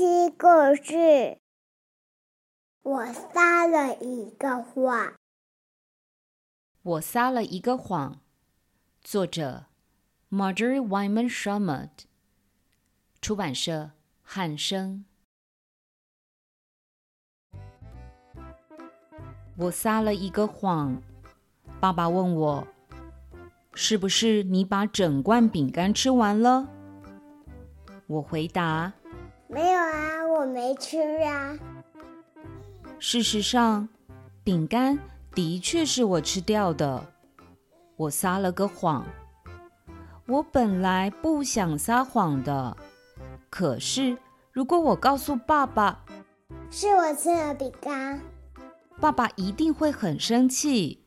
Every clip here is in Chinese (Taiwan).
七個字。我撒了一個謊。我撒了一個謊。作者：Marjorie Weinman Sharmat。出版社：漢聲。我撒了一個謊。爸爸問我：“是不是你把整罐餅乾吃完了？”我回答。沒有啊，我沒吃啊。事實上，餅乾的確是我吃掉的，我撒了個謊。我本來不想撒謊的，可是如果我告訴爸爸，是我吃了餅乾，爸爸一定會很生氣，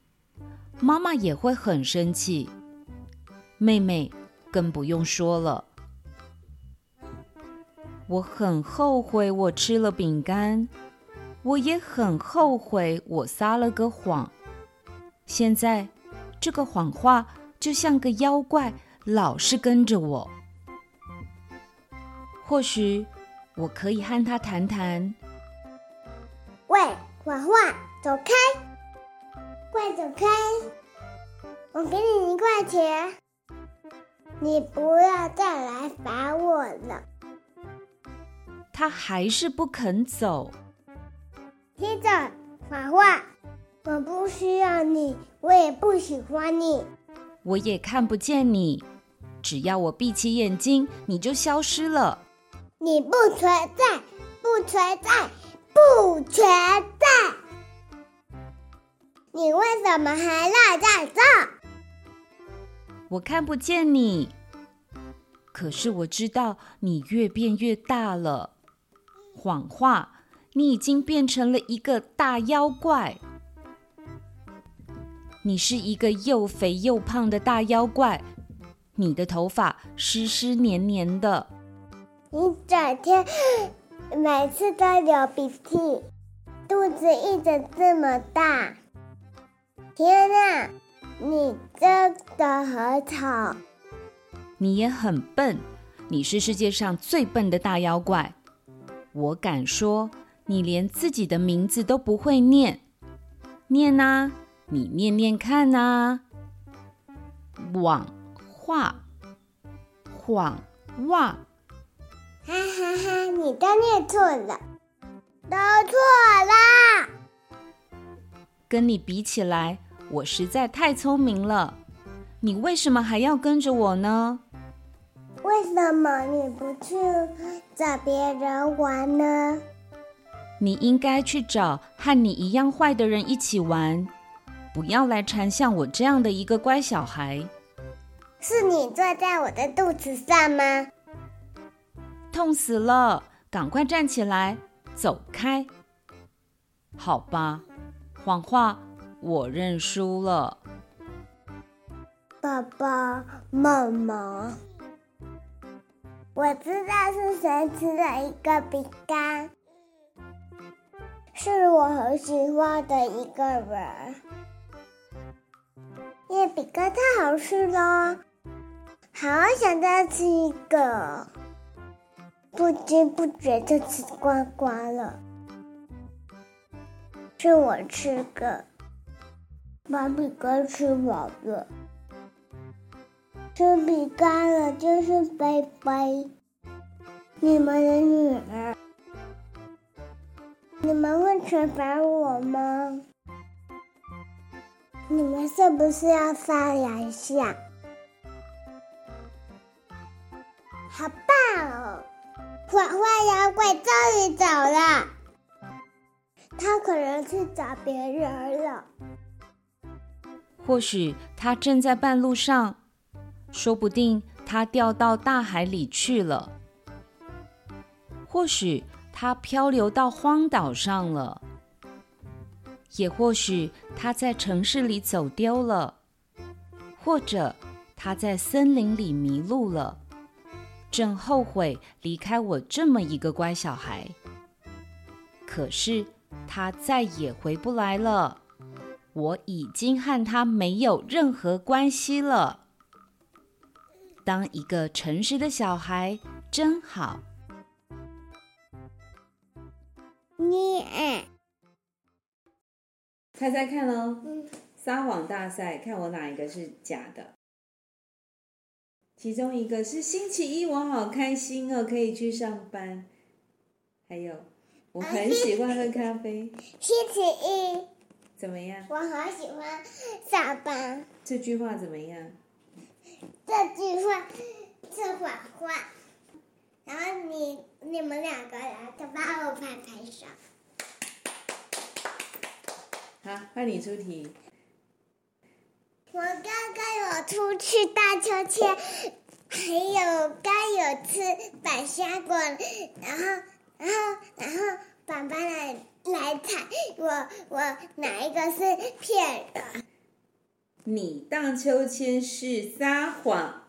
媽媽也會很生氣，妹妹更不用說了。我很後悔我吃了餅乾，我也很後悔我撒了個謊。現在，這個謊話就像個妖怪，老是跟着我。或許我可以和他談談。喂，謊話，走開！快走開！我給你一塊錢，你不要再來煩我了。他還是不肯走。聽著，華華，我不需要你，我也不喜歡你，我也看不見你。只要我閉起眼睛，你就消失了。你不存在，不存在，不存在。你為什麼還賴在這？我看不見你，可是我知道你越變越大了。謊話，你已經變成了一個大妖怪。你是一個又肥又胖的大妖怪。你的頭髮濕濕黏黏的。你整天每次都流鼻涕，肚子一直這麼大。天哪，你真的很醜。你也很笨。你是世界上最笨的大妖怪。我敢說，你連自己的名字都不會唸，唸啊，你唸唸看啊，謊話謊話，哈哈哈！你都唸錯了，都錯啦！跟你比起來，我實在太聰明了，你為什麼還要跟着我呢？為什麼你不去找別人玩呢？你應該去找和你一樣壞的人一起玩，不要來纏像我這樣的一個乖小孩。是你坐在我的肚子上嗎？痛死了！趕快站起來，走開！好吧，謊話，我認輸了。爸爸，媽媽。我知道是誰吃了一個餅乾，是我很喜歡的一個人，因為餅乾太好吃了，好想再吃一個。不知不覺就吃光光了，是我吃的，把餅乾吃完了。吃餅乾了，就是貝貝。你們的女兒，你們會懲罰我嗎？你們是不是要商量一下？好棒哦！謊話妖怪終於走了，他可能去找別人了，或許他正在半路上。說不定他掉到大海裡去了，或許他漂流到荒島上了，也或許他在城市裡走丟了，或者他在森林裡迷路了，正後悔離開我這麼一個乖小孩。可是他再也回不來了，我已經和他沒有任何關係了。當一個誠實的小孩真好。你，哎、猜猜看哦、嗯。撒謊大賽，看我哪一個是假的。其中一個是星期一，我好開心哦，可以去上班。還有，我很喜歡喝咖啡。星期一。怎麼樣？我好喜歡上班。這句話怎麼樣？這句話是謊話，然後你你們兩個人就幫我拍拍手。好，啊，那你出題。我剛剛有出去盪秋千，還有剛有吃百香果，然後然後然後爸爸來來猜，我我哪一個是騙人？你盪秋千是撒謊。